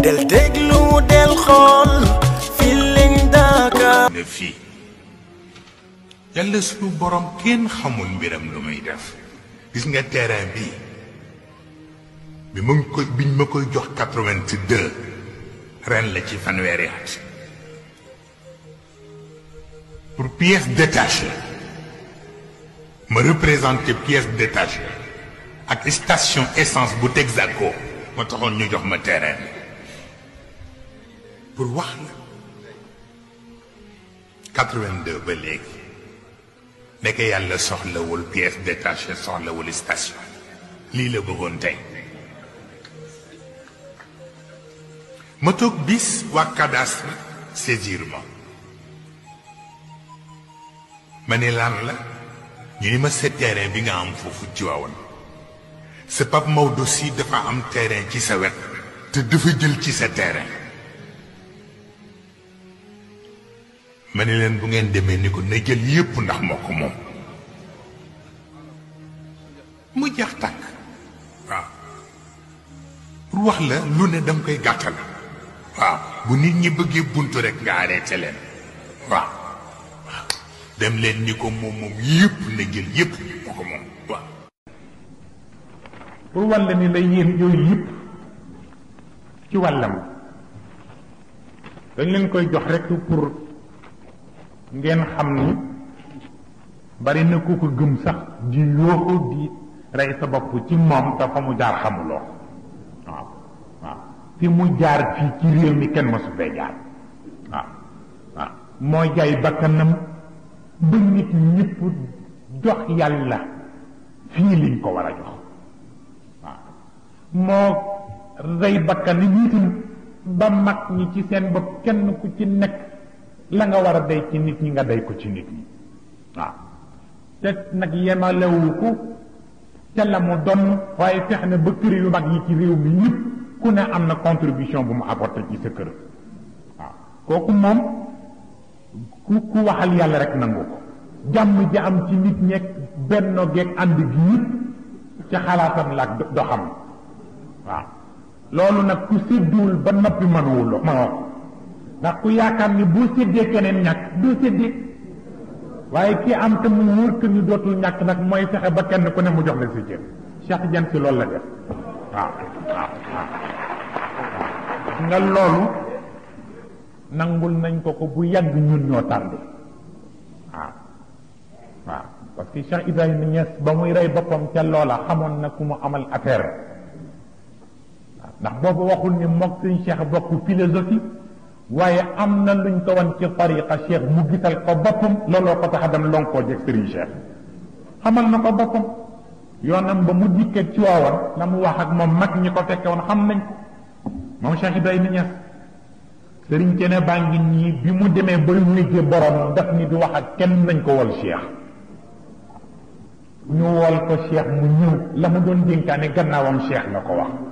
del déglu del borom kenn xamul mbiram lu muy def gis nga terrain bi bi mu ngi koy biñ ma koy jox quatre-vingt-deux ren la ci fanweeri at pour pièce détachée ma représenté pièce détachée ak station essence bu Texaco moo taxoon ñu jox ma terrain bi pour wax la ba léegi nekk yàlla soxlawul pièce détachée soxlawul station lii la bëggoon tey ma toog bis waa cadastre saisir ma ma ne lan la ñu ni ma sa terrain bi nga am foofu jiwawoon sa Pape Maodo si dafa am terrain ci sa wet te dafa jël ci sa terrain ma ne leen bu ngeen demee ni ko na jël yépp ndax moo ko moom mu jeex tàkk waaw pour wax la lu ne dam koy gàttal waaw bu nit ñi bëggee bunt rekk nga arrêté leen waaw dem leen ni ko moom moom yépp na jël yépp pour wàll la ni la yéen yooyu yëpp ci wàllam dañ leen koy jox rekk pour ngeen xam ni bari na ku ko gëm sax di yooxu di rey sa bopp ci moom te mu jaar xamuloo waaw waaw fi mu jaar fii ci réew mi kenn mosu fee jaar waaw waaw mooy jaay bakkanam ba nit ñëpp jox yàlla fii liñ ko war a jox moo rey bakkan niitam ba mag ñi ci seen bopp kenn ku ci nekk la nga war a day ci nit ñi nga day ko ci nit ñi waaw te nag yemalewu ko te la mu doon waaye fex na ba kër yu mag yi ci réew mi ñëpp ku ne am na contribution bu mu apporté ci sa kër kooku moom ku ku waxal yàlla rek nangu ko jàmm ji am ci nit ñeeg benn geeg ànd gi yëpp ci xalaatam la ak doxam waaw loolu nag ku sédduwul ba noppi mënuwuloo mënoo ko ndax ku yaakaar ni bu séddee keneen ñàkk doo séddee waaye kii am te mu ñàkk nag mooy fexe ba kenn ku ne mu jox la si cër Jan si lool la def waaw waaw waaw nga loolu nangul nañ ko ko bu yàgg ñun ñoo tardé waaw waaw parce que Cheikh Ibrahima Niass ba muy rey boppam ca loola xamoon na ku mu amal affaire ndax boobu waxul ni moog suñ cheikh bokk philosophie waaye am na luñ ko wan ci tariqa cheikh mu gisal ko boppam loolo ko tax a dem lonkoo jeg sëriñ cheikh xamal na ko boppam yoonam ba mu dikkee ci waawan la mu wax ak moom mag ñi ko fekke woon xam nañ ko moom cheikh Ibrahima Niass sëriñ Tene baa ngi nii bi mu demee ba wéjje borom daf ni bi wax ak kenn nañ ko wol cheikh ñu wol ko cheikh mu ñëw la mu doon dénkaane wam cheikh la ko wax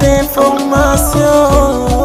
d'information